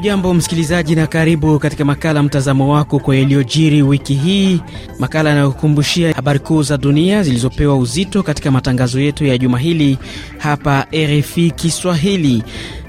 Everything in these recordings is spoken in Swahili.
Hujambo msikilizaji, na karibu katika makala mtazamo wako kwa yaliyojiri wiki hii, makala yanayokumbushia habari kuu za dunia zilizopewa uzito katika matangazo yetu ya juma hili hapa RFI Kiswahili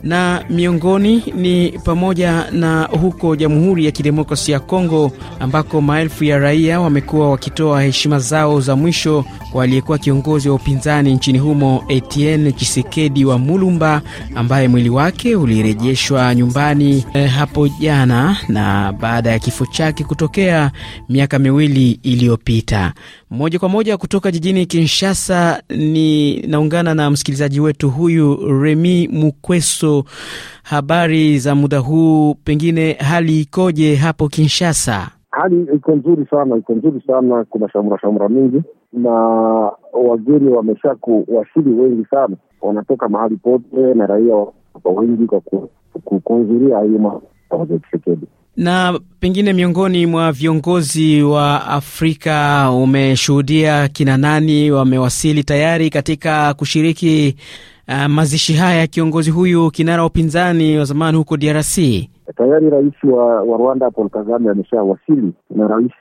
na miongoni ni pamoja na huko Jamhuri ya kidemokrasi ya Kongo ambako maelfu ya raia wamekuwa wakitoa heshima zao za mwisho kwa aliyekuwa kiongozi wa upinzani nchini humo Etienne chisekedi wa Mulumba ambaye mwili wake ulirejeshwa nyumbani eh, hapo jana na baada ya kifo chake kutokea miaka miwili iliyopita. Moja kwa moja kutoka jijini Kinshasa ni naungana na msikilizaji wetu huyu Remi Mukweso habari za muda huu, pengine hali ikoje hapo Kinshasa? Hali iko nzuri sana, iko nzuri sana. Kuna shamra shamra mingi na wageni wamesha kuwasili wengi sana, wanatoka mahali pote na raia wengi kwa kuhudhuria hiyo na pengine miongoni mwa viongozi wa Afrika umeshuhudia kina nani wamewasili tayari katika kushiriki uh, mazishi haya ya kiongozi huyu kinara wa upinzani wa zamani huko DRC? Tayari rais wa, wa Rwanda Paul Kagame ameshawasili na rais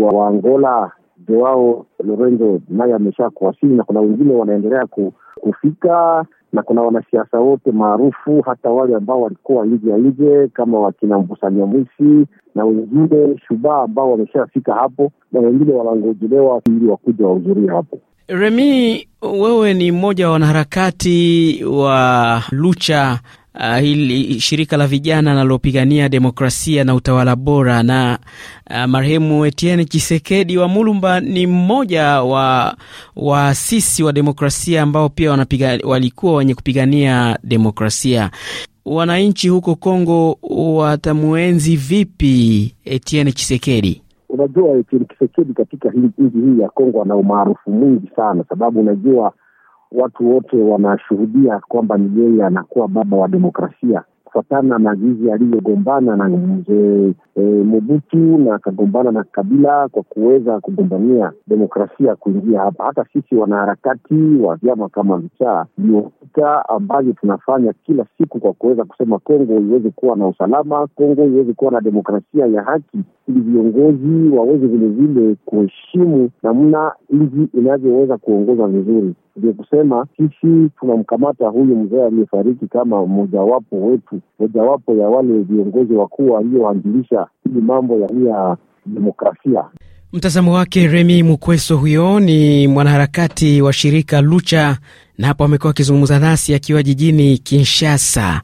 wa, wa Angola Joao Lorenzo naye amesha kuwasili na kuna wengine wanaendelea ku, kufika na kuna wanasiasa wote maarufu, hata wale ambao walikuwa nje ya nje kama wakina Mvusania Mwisi na wengine shubaa ambao wameshafika hapo na wengine wanangojelewa ili wakuja wahudhuria hapo. Remi, wewe ni mmoja wa wanaharakati wa Lucha uh, hili shirika la vijana linalopigania demokrasia na utawala bora na uh, marehemu Etienne Chisekedi wa Mulumba ni mmoja wa waasisi wa demokrasia ambao pia wanapiga, walikuwa wenye kupigania demokrasia. Wananchi huko Kongo watamuenzi vipi Etienne Chisekedi? Unajua Etienne Chisekedi katika nchi hii ya Kongo ana umaarufu mwingi sana, sababu unajua watu wote wanashuhudia kwamba ni yeye anakuwa baba wa demokrasia kufuatana na jizi aliyogombana na mzee e, Mobutu na akagombana na Kabila kwa kuweza kugombania demokrasia kuingia hapa. Hata sisi wanaharakati wa vyama kama vichaa liopita ambayo tunafanya kila siku kwa kuweza kusema Kongo iweze kuwa na usalama, Kongo iweze kuwa na demokrasia ya haki, ili viongozi waweze vilevile kuheshimu namna nchi inavyoweza kuongoza vizuri. Ndio kusema sisi tunamkamata huyu mzee aliyefariki kama mojawapo wetu, mojawapo ya wale viongozi wakuu walioanzilisha ni mambo ya ya demokrasia. Mtazamo wake Remi Mukweso, huyo ni mwanaharakati wa shirika Lucha, na hapo amekuwa akizungumza nasi akiwa jijini Kinshasa.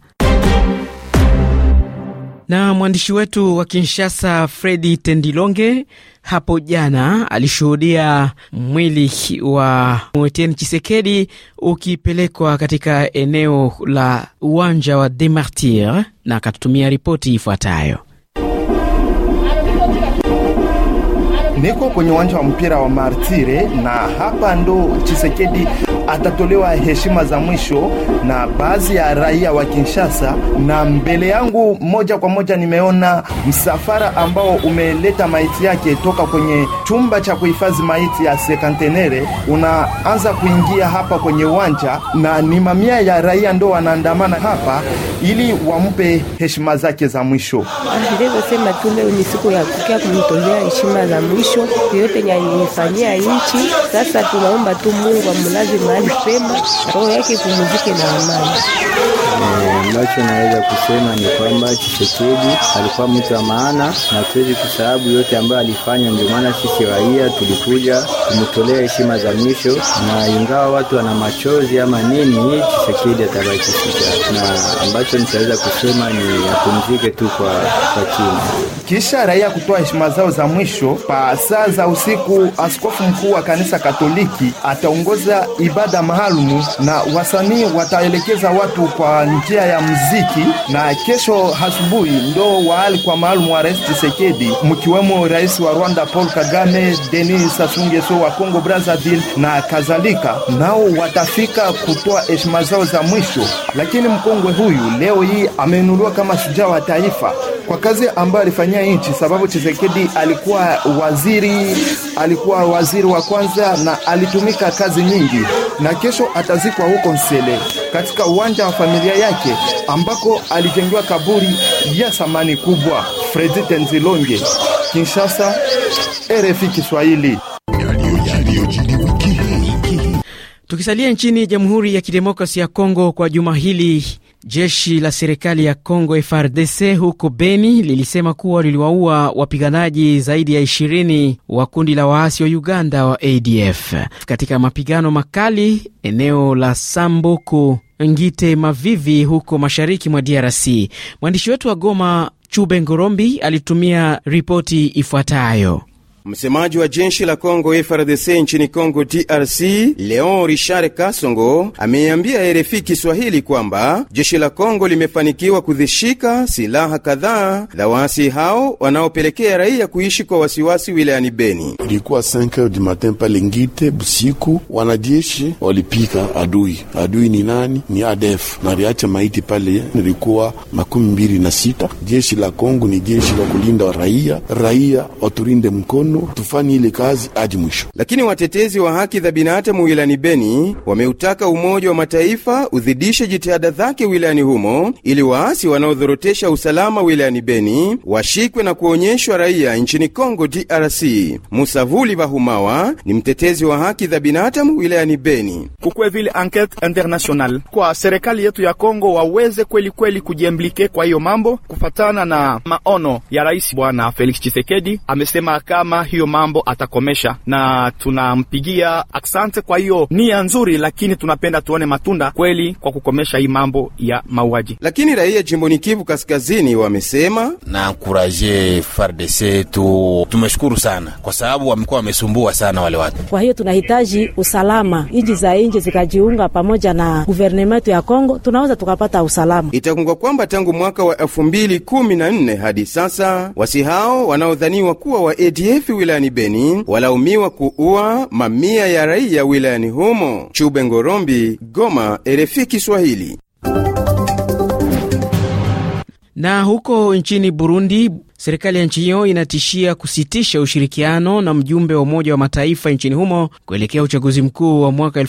Na mwandishi wetu wa Kinshasa Fredi Tendilonge hapo jana alishuhudia mwili wa Etienne chisekedi ukipelekwa katika eneo la uwanja wa demartir na akatutumia ripoti ifuatayo. Niko kwenye uwanja wa mpira wa Martire na hapa ndo Chisekedi atatolewa heshima za mwisho na baadhi ya raia wa Kinshasa, na mbele yangu moja kwa moja nimeona msafara ambao umeleta maiti yake toka kwenye chumba cha kuhifadhi maiti ya Sekantenere, unaanza kuingia hapa kwenye uwanja, na ni mamia ya raia ndo wanaandamana hapa ili wampe heshima zake za mwisho. Ndivyo sema tume ni siku ya kukia kumtolea heshima za mwisho mwisho yoyote yenye alifanyia nchi. Sasa tunaomba tu Mungu amulaze mahali pema, roho yake ipumzike na amani ambacho naweza kusema ni kwamba Chisekedi alikuwa mtu wa maana na tuwezi kusahabu yote ambayo alifanya. Ndio maana sisi raia tulikuja kumtolea heshima za mwisho, na ingawa watu wana machozi ama nini, Chisekedi atabaki shujaa, na ambacho nitaweza kusema ni apumzike tu kwa, kwa chini. Kisha raia kutoa heshima zao za mwisho pa saa za usiku, askofu mkuu wa kanisa Katoliki ataongoza ibada maalumu na wasanii wataelekeza watu kwa njia ya mziki, na kesho asubuhi ndo waalikwa maalum wa Rais Tshisekedi, mkiwemo rais wa Rwanda Paul Kagame, Denis Sassou Nguesso wa Congo Brazzaville na kadhalika, nao watafika kutoa heshima zao za mwisho. Lakini mkongwe huyu leo hii amenuliwa kama shujaa wa taifa kwa kazi ambayo alifanyia nchi, sababu chisekedi alikuwa waziri, alikuwa waziri wa kwanza na alitumika kazi nyingi, na kesho atazikwa huko Nsele katika uwanja wa familia yake ambako alijengiwa kaburi ya thamani kubwa. Fredi Tenzilonge, Kinshasa, RFI Kiswahili. Tukisalia nchini Jamhuri ya Kidemokrasi ya Kongo kwa juma hili Jeshi la serikali ya congo frdc huko Beni lilisema kuwa liliwaua wapiganaji zaidi ya 20 wa kundi la waasi wa Uganda wa ADF katika mapigano makali eneo la Sambuku Ngite Mavivi huko mashariki mwa DRC. Mwandishi wetu wa Goma Chube Ngorombi alitumia ripoti ifuatayo. Msemaji wa jeshi la congo FRDC nchini congo DRC, Leon Richard Kasongo ameambia RFI Kiswahili kwamba jeshi la congo limefanikiwa kuzishika silaha kadhaa za waasi hao wanaopelekea raia kuishi kwa wasiwasi wilayani Beni. Ilikuwa 5h du matin pale Ngite busiku, wanajeshi walipika adui. Adui ni nani? Ni ADF na liacha maiti pale, nilikuwa makumi mbili na sita. Jeshi la Congo ni jeshi la kulinda raia, raia waturinde mkono mapambano, tufanye ile kazi hadi mwisho. Lakini watetezi wa haki za binadamu wilayani Beni wameutaka Umoja wa Mataifa udhidishe jitihada zake wilayani humo ili waasi wanaodhorotesha usalama wilayani Beni washikwe na kuonyeshwa raia nchini congo DRC. Musavuli Bahumawa ni mtetezi wa haki za binadamu wilayani Beni. Kukwe vile enquete international kwa serikali yetu ya congo waweze kweli kweli kujiemblike kwa hiyo mambo, kufatana na maono ya rais Bwana Felix Chisekedi amesema kama hiyo mambo atakomesha, na tunampigia aksante kwa hiyo nia nzuri, lakini tunapenda tuone matunda kweli kwa kukomesha hii mambo ya mauaji. Lakini raia jimboni Kivu Kaskazini wamesema na ankuraje FARDC tu, tumeshukuru sana kwa sababu wamekuwa wamesumbua sana wale watu. Kwa hiyo tunahitaji usalama, nchi za nje zikajiunga pamoja na guvernementu ya Kongo, tunaweza tukapata usalama. Itakumbukwa kwamba tangu mwaka wa elfu mbili kumi na nne hadi sasa wasi hao wanaodhaniwa kuwa wa ADF watu wilayani Beni walaumiwa kuua mamia ya raia wilayani humo. Chube Ngorombi, Goma, RFI Kiswahili. Na huko nchini Burundi, serikali ya nchi hiyo inatishia kusitisha ushirikiano na mjumbe wa Umoja wa Mataifa nchini humo kuelekea uchaguzi mkuu wa mwaka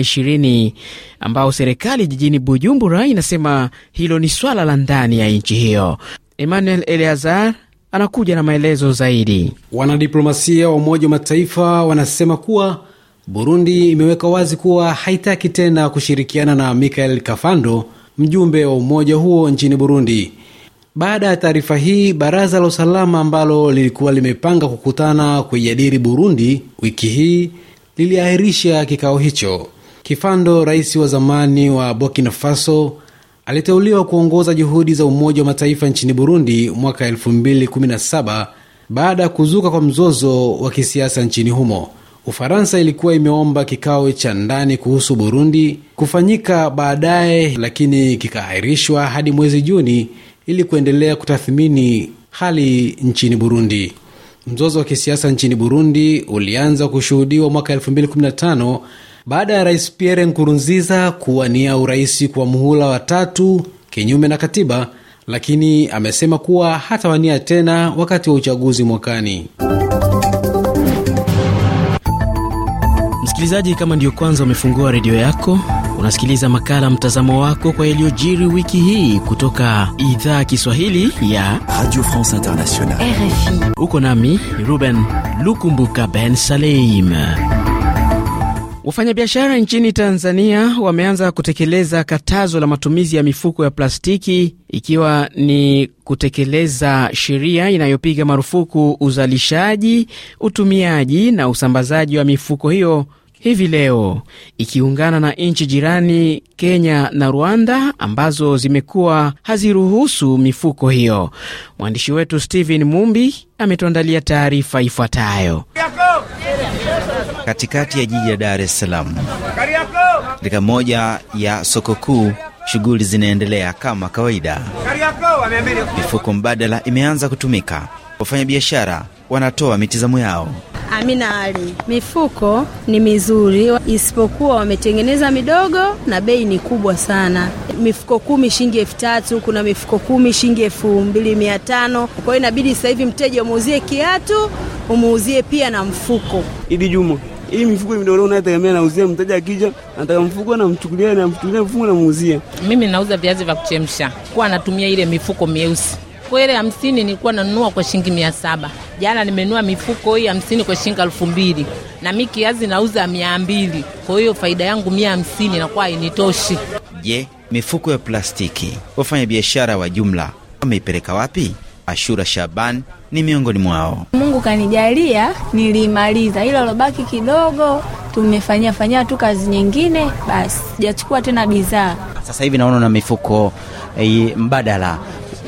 ishirini ambao serikali jijini Bujumbura inasema hilo ni swala la ndani ya nchi hiyo. Emmanuel Eleazar anakuja na maelezo zaidi. Wanadiplomasia wa Umoja wa Mataifa wanasema kuwa Burundi imeweka wazi kuwa haitaki tena kushirikiana na Michael Kafando, mjumbe wa umoja huo nchini Burundi. Baada ya taarifa hii, baraza la usalama ambalo lilikuwa limepanga kukutana kuijadili Burundi wiki hii liliahirisha kikao hicho. Kifando, rais wa zamani wa Burkina Faso, Aliteuliwa kuongoza juhudi za Umoja wa Mataifa nchini Burundi mwaka 2017 baada ya kuzuka kwa mzozo wa kisiasa nchini humo. Ufaransa ilikuwa imeomba kikao cha ndani kuhusu Burundi kufanyika baadaye, lakini kikaahirishwa hadi mwezi Juni ili kuendelea kutathmini hali nchini Burundi. Mzozo wa kisiasa nchini Burundi ulianza kushuhudiwa mwaka 215 baada ya Rais Pierre Nkurunziza kuwania urais kwa muhula wa tatu kinyume na katiba, lakini amesema kuwa hatawania tena wakati wa uchaguzi mwakani. Msikilizaji, kama ndiyo kwanza umefungua redio yako, unasikiliza makala mtazamo wako kwa yaliyojiri wiki hii kutoka idhaa Kiswahili ya Radio France Internationale, RFI. Uko nami Ruben Lukumbuka Ben Saleim. Wafanyabiashara nchini Tanzania wameanza kutekeleza katazo la matumizi ya mifuko ya plastiki ikiwa ni kutekeleza sheria inayopiga marufuku uzalishaji, utumiaji na usambazaji wa mifuko hiyo hivi leo, ikiungana na nchi jirani Kenya na Rwanda ambazo zimekuwa haziruhusu mifuko hiyo. Mwandishi wetu stehen Mumbi ametuandalia taarifa ifuatayo katikati ya jiji la Dar es Salaam. Katika moja ya soko kuu, shughuli zinaendelea kama kawaida. Mifuko mbadala imeanza kutumika, wafanyabiashara wanatoa mitazamo yao. Amina Ali, mifuko ni mizuri, isipokuwa wametengeneza midogo na bei ni kubwa sana. Mifuko kumi shilingi elfu tatu kuna mifuko kumi shilingi elfu mbili mia tano Kwa hiyo inabidi sasa hivi mteja umuuzie kiatu umuuzie pia na mfuko. Idi Juma, hii mifuko midoro unategemea, nauzia mteja akija anataka mfuko namchukulia, namchukulia mfuko namuuzia. Mimi nauza viazi vya kuchemsha, kuwa anatumia ile mifuko mieusi kwele hamsini nilikuwa nanunua kwa shilingi mia saba. Jana nimenunua mifuko hii hamsini kwa shilingi elfu mbili na mi kiazi nauza mia mbili. Kwa hiyo faida yangu mia hamsini nakuwa hainitoshi. Je, mifuko ya plastiki wafanya biashara wa jumla wameipeleka wapi? Ashura Shaban ni miongoni mwao. Mungu kanijalia, nilimaliza ilo lobaki kidogo, tumefanyia fanyia tu kazi nyingine, basi sijachukua tena bidhaa. Sasa hivi naona na mifuko e, mbadala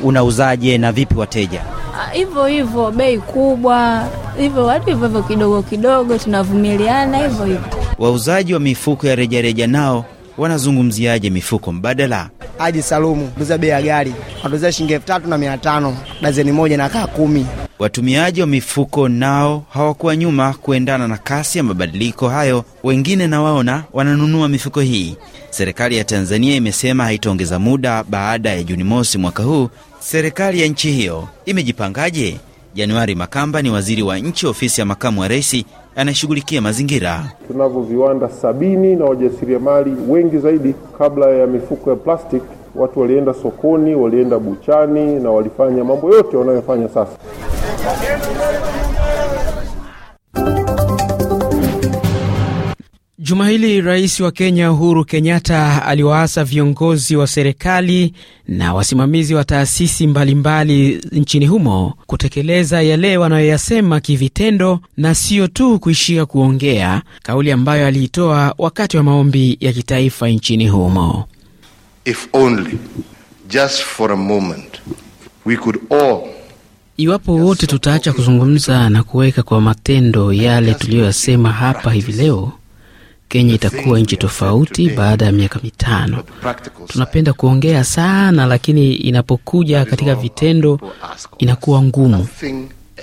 unauzaje na vipi wateja? Ah, hivyo hivyo bei kubwa hivyo, watu hivyo hivyo kidogo kidogo, tunavumiliana hivyo hivyo. Wauzaji wa mifuko ya rejareja nao wanazungumziaje mifuko mbadala? Haji Salumu, uza bei ya gari watuza shilingi elfu tatu na mia tano dazeni moja na kaa kumi. Watumiaji wa mifuko nao hawakuwa nyuma kuendana na kasi ya mabadiliko hayo, wengine nawaona wananunua mifuko hii. Serikali ya Tanzania imesema haitaongeza muda baada ya Juni mosi mwaka huu. Serikali ya nchi hiyo imejipangaje? Januari Makamba ni waziri wa nchi ofisi ya makamu wa rais anayeshughulikia mazingira. Tunavyo viwanda sabini na wajasiriamali wengi zaidi. Kabla ya mifuko ya plastic, watu walienda sokoni, walienda buchani na walifanya mambo yote wanayofanya sasa. Juma hili rais wa Kenya Uhuru Kenyatta aliwaasa viongozi wa serikali na wasimamizi wa taasisi mbalimbali nchini humo kutekeleza yale wanayoyasema kivitendo na siyo tu kuishia kuongea, kauli ambayo aliitoa wakati wa maombi ya kitaifa nchini humo. If only, just for a moment, we could all Iwapo wote tutaacha kuzungumza na kuweka kwa matendo yale tuliyoyasema hapa hivi leo Kenya itakuwa nchi tofauti baada ya miaka mitano. Tunapenda kuongea sana, lakini inapokuja katika vitendo inakuwa ngumu.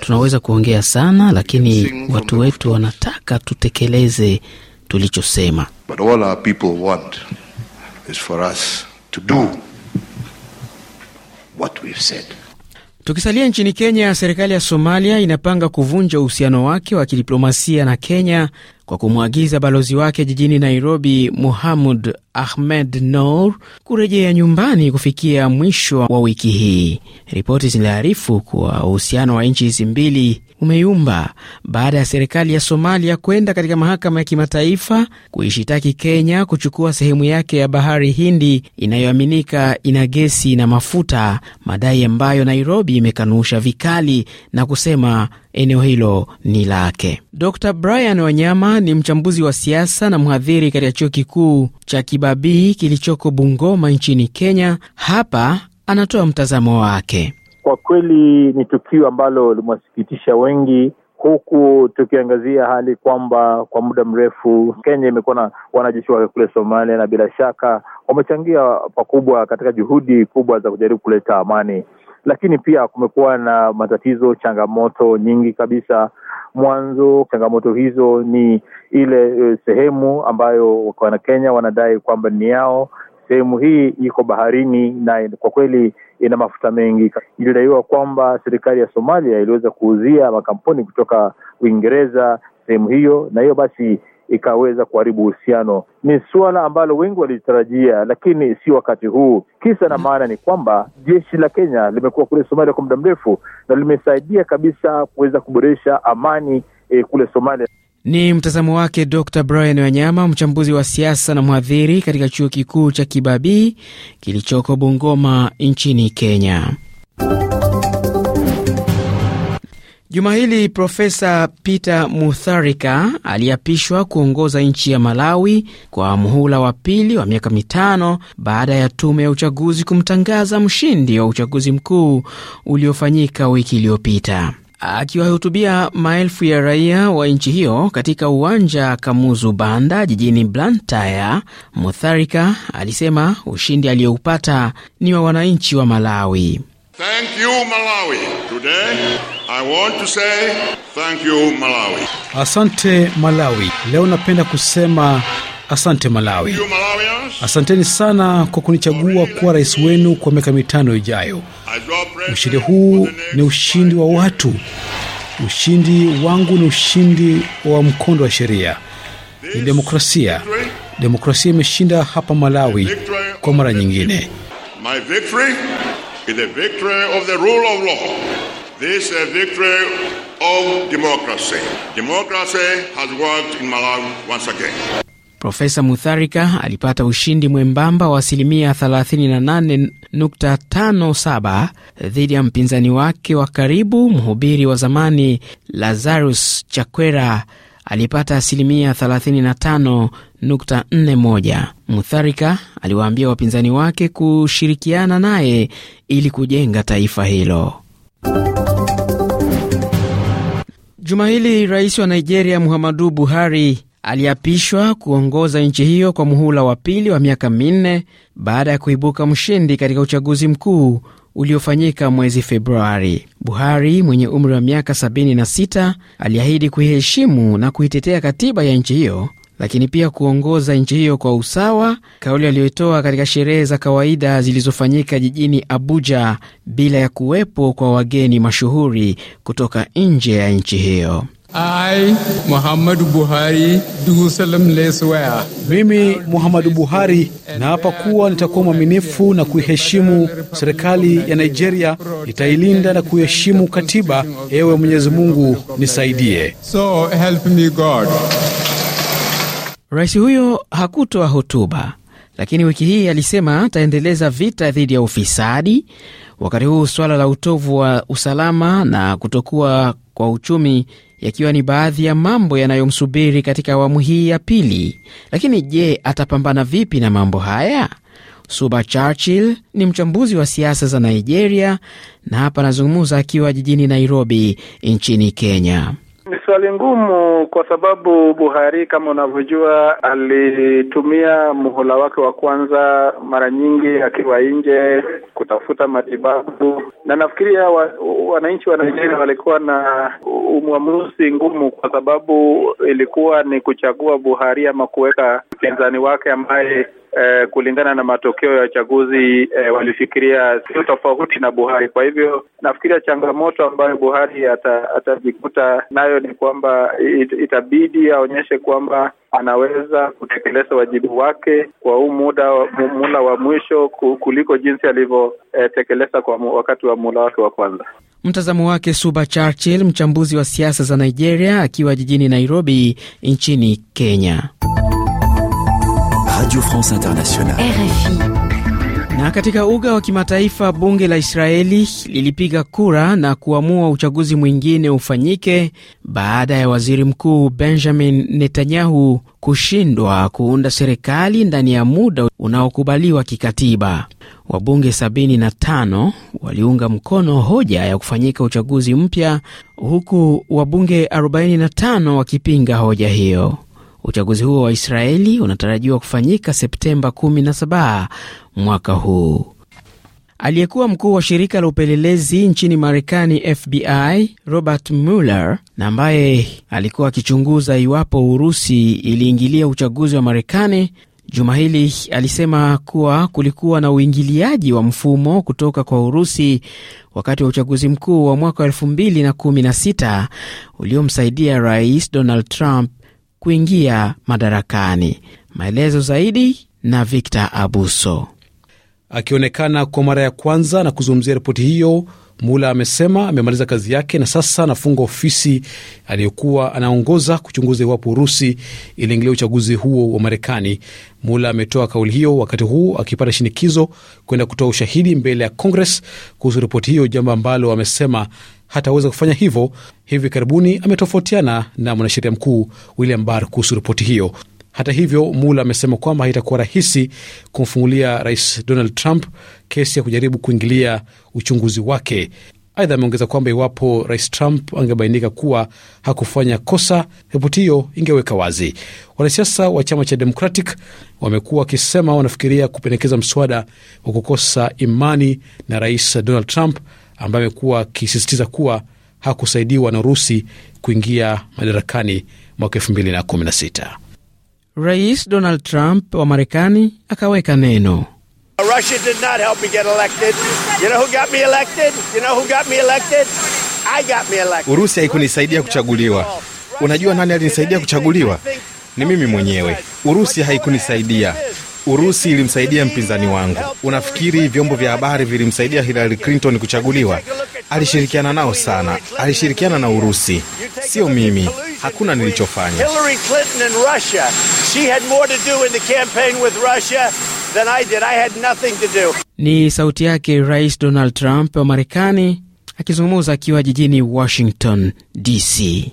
Tunaweza kuongea sana, lakini watu wetu wanataka tutekeleze tulichosema. Tukisalia nchini Kenya, serikali ya Somalia inapanga kuvunja uhusiano wake wa kidiplomasia na Kenya kwa kumwagiza balozi wake jijini Nairobi, Muhamud Ahmed Nor, kurejea nyumbani kufikia mwisho wa wiki hii. Ripoti zinaarifu kuwa uhusiano wa nchi hizi mbili umeyumba baada ya serikali ya Somalia kwenda katika mahakama ya kimataifa kuishitaki Kenya kuchukua sehemu yake ya bahari Hindi inayoaminika ina gesi na mafuta, madai ambayo Nairobi imekanusha vikali na kusema eneo hilo ni lake. Dr Brian Wanyama ni mchambuzi wa siasa na mhadhiri katika chuo kikuu cha Kibabii kilichoko Bungoma nchini Kenya. Hapa anatoa mtazamo wake. Kwa kweli ni tukio ambalo limewasikitisha wengi, huku tukiangazia hali kwamba kwa muda mrefu Kenya imekuwa na wanajeshi wake kule Somalia, na bila shaka wamechangia pakubwa katika juhudi kubwa za kujaribu kuleta amani, lakini pia kumekuwa na matatizo, changamoto nyingi kabisa. Mwanzo changamoto hizo ni ile e, sehemu ambayo kenya wanadai kwamba ni yao. Sehemu hii iko baharini na kwa kweli ina mafuta mengi. Ilidaiwa kwamba serikali ya Somalia iliweza kuuzia makampuni kutoka Uingereza sehemu hiyo, na hiyo basi ikaweza kuharibu uhusiano. Ni suala ambalo wengi walitarajia, lakini si wakati huu. Kisa na maana ni kwamba jeshi la Kenya limekuwa kule Somalia kwa muda mrefu na limesaidia kabisa kuweza kuboresha amani eh, kule Somalia. Ni mtazamo wake Dr Brian Wanyama, mchambuzi wa siasa na mhadhiri katika chuo kikuu cha Kibabii kilichoko Bungoma nchini Kenya. Juma hili Profesa Peter Mutharika aliapishwa kuongoza nchi ya Malawi kwa muhula wa pili wa miaka mitano baada ya tume ya uchaguzi kumtangaza mshindi wa uchaguzi mkuu uliofanyika wiki iliyopita. Akiwahutubia maelfu ya raia wa nchi hiyo katika uwanja Kamuzu Banda jijini Blantyre, Mutharika alisema ushindi aliyoupata ni wa wananchi wa Malawi. Thank you, Malawi. Today, I want to say, thank you, Malawi. Asante Malawi, leo napenda kusema Asante Malawi, eh? asanteni sana kwa kunichagua kuwa rais wenu kwa miaka mitano ijayo. Ushindi huu ni ushindi wa watu. Ushindi wangu ni ushindi wa mkondo wa sheria, ni demokrasia. Demokrasia imeshinda hapa Malawi kwa mara nyingine. Democracy. Democracy has worked in Malawi once again. Profesa Mutharika alipata ushindi mwembamba wa asilimia 38.57 dhidi ya mpinzani wake wa karibu, mhubiri wa zamani Lazarus Chakwera alipata asilimia 35.41. Mutharika aliwaambia wapinzani wake kushirikiana naye ili kujenga taifa hilo. Juma hili rais wa Nigeria Muhammadu Buhari aliapishwa kuongoza nchi hiyo kwa muhula wa pili wa miaka minne baada ya kuibuka mshindi katika uchaguzi mkuu uliofanyika mwezi Februari. Buhari mwenye umri wa miaka 76 aliahidi kuiheshimu na kuitetea katiba ya nchi hiyo, lakini pia kuongoza nchi hiyo kwa usawa, kauli aliyoitoa katika sherehe za kawaida zilizofanyika jijini Abuja bila ya kuwepo kwa wageni mashuhuri kutoka nje ya nchi hiyo. I, Muhammad Buhari, do solemnly swear. Mimi Muhammadu Buhari naapa kuwa nitakuwa mwaminifu na kuiheshimu serikali ya Nigeria, nitailinda na kuiheshimu katiba. Ewe Mwenyezi Mungu nisaidie. So help me God. Rais huyo hakutoa hotuba, lakini wiki hii alisema ataendeleza vita dhidi ya ufisadi, wakati huu suala la utovu wa usalama na kutokuwa kwa uchumi yakiwa ni baadhi ya mambo yanayomsubiri katika awamu hii ya pili. Lakini je, atapambana vipi na mambo haya? Suba Churchill ni mchambuzi wa siasa za Nigeria na hapa anazungumza akiwa jijini Nairobi nchini Kenya. Ni swali ngumu kwa sababu Buhari kama unavyojua, alitumia muhula wake wa kwanza mara nyingi akiwa nje kutafuta matibabu, na nafikiria wananchi wa, Nigeria walikuwa na umwamuzi ngumu, kwa sababu ilikuwa ni kuchagua Buhari ama kuweka mpinzani wake ambaye eh, kulingana na matokeo ya uchaguzi eh, walifikiria sio tofauti na Buhari. Kwa hivyo nafikiria changamoto ambayo Buhari atajikuta ata nayo ni kwamba it, itabidi aonyeshe kwamba anaweza kutekeleza wajibu wake kwa huu muda mula wa mwisho kuliko jinsi alivyotekeleza eh, kwa wakati wa mula wake wa kwanza. Mtazamo wake Suba Churchill, mchambuzi wa siasa za Nigeria, akiwa jijini Nairobi nchini Kenya. Radio France Internationale. Na katika uga wa kimataifa, bunge la Israeli lilipiga kura na kuamua uchaguzi mwingine ufanyike baada ya waziri mkuu Benjamin Netanyahu kushindwa kuunda serikali ndani ya muda unaokubaliwa kikatiba. Wabunge 75 waliunga mkono hoja ya kufanyika uchaguzi mpya, huku wabunge 45 wakipinga hoja hiyo. Uchaguzi huo wa Israeli unatarajiwa kufanyika Septemba 17 mwaka huu. Aliyekuwa mkuu wa shirika la upelelezi nchini Marekani, FBI, Robert Mueller, na ambaye alikuwa akichunguza iwapo Urusi iliingilia uchaguzi wa Marekani, juma hili alisema kuwa kulikuwa na uingiliaji wa mfumo kutoka kwa Urusi wakati wa uchaguzi mkuu wa mwaka 2016 uliomsaidia Rais Donald Trump kuingia madarakani. Maelezo zaidi na Victor Abuso. Akionekana kwa mara ya kwanza na kuzungumzia ripoti hiyo, Mula amesema amemaliza kazi yake na sasa anafunga ofisi aliyokuwa anaongoza kuchunguza iwapo Urusi iliingilia uchaguzi huo wa Marekani. Mula ametoa kauli hiyo wakati huu akipata shinikizo kwenda kutoa ushahidi mbele ya Kongres kuhusu ripoti hiyo, jambo ambalo amesema hataweza kufanya hivyo. Hivi karibuni ametofautiana na mwanasheria mkuu William Barr kuhusu ripoti hiyo. Hata hivyo, Mula amesema kwamba haitakuwa rahisi kumfungulia Rais Donald Trump kesi ya kujaribu kuingilia uchunguzi wake. Aidha, ameongeza kwamba iwapo Rais Trump angebainika kuwa hakufanya kosa, ripoti hiyo ingeweka wazi. Wanasiasa wa chama cha Democratic wamekuwa wakisema wanafikiria kupendekeza mswada wa kukosa imani na Rais Donald Trump ambaye amekuwa akisisitiza kuwa hakusaidiwa na Urusi kuingia madarakani mwaka sita. Rais Donald Trump wa Marekani akaweka neno Urusi haikunisaidia kuchaguliwa. Unajua nani alinisaidia kuchaguliwa? Ni mimi mwenyewe. Urusi haikunisaidia. Urusi ilimsaidia mpinzani wangu. Unafikiri vyombo vya habari vilimsaidia Hillary Clinton kuchaguliwa? Alishirikiana nao sana, alishirikiana na Urusi, sio mimi. Hakuna nilichofanya. Ni sauti yake Rais Donald Trump wa Marekani akizungumza akiwa jijini Washington DC.